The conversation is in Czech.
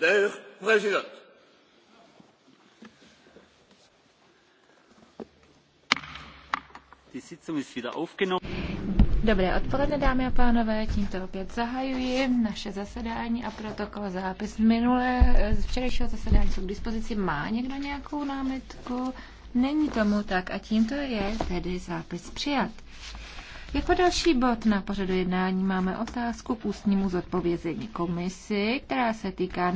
der Dobré odpoledne, dámy a pánové, tímto opět zahajuji naše zasedání a protokol zápis minulé, z včerejšího zasedání jsou k dispozici. Má někdo nějakou námitku? Není tomu tak a tímto je tedy zápis přijat. Jako další bod na pořadu jednání máme otázku k ústnímu zodpovězení komisi, která se týká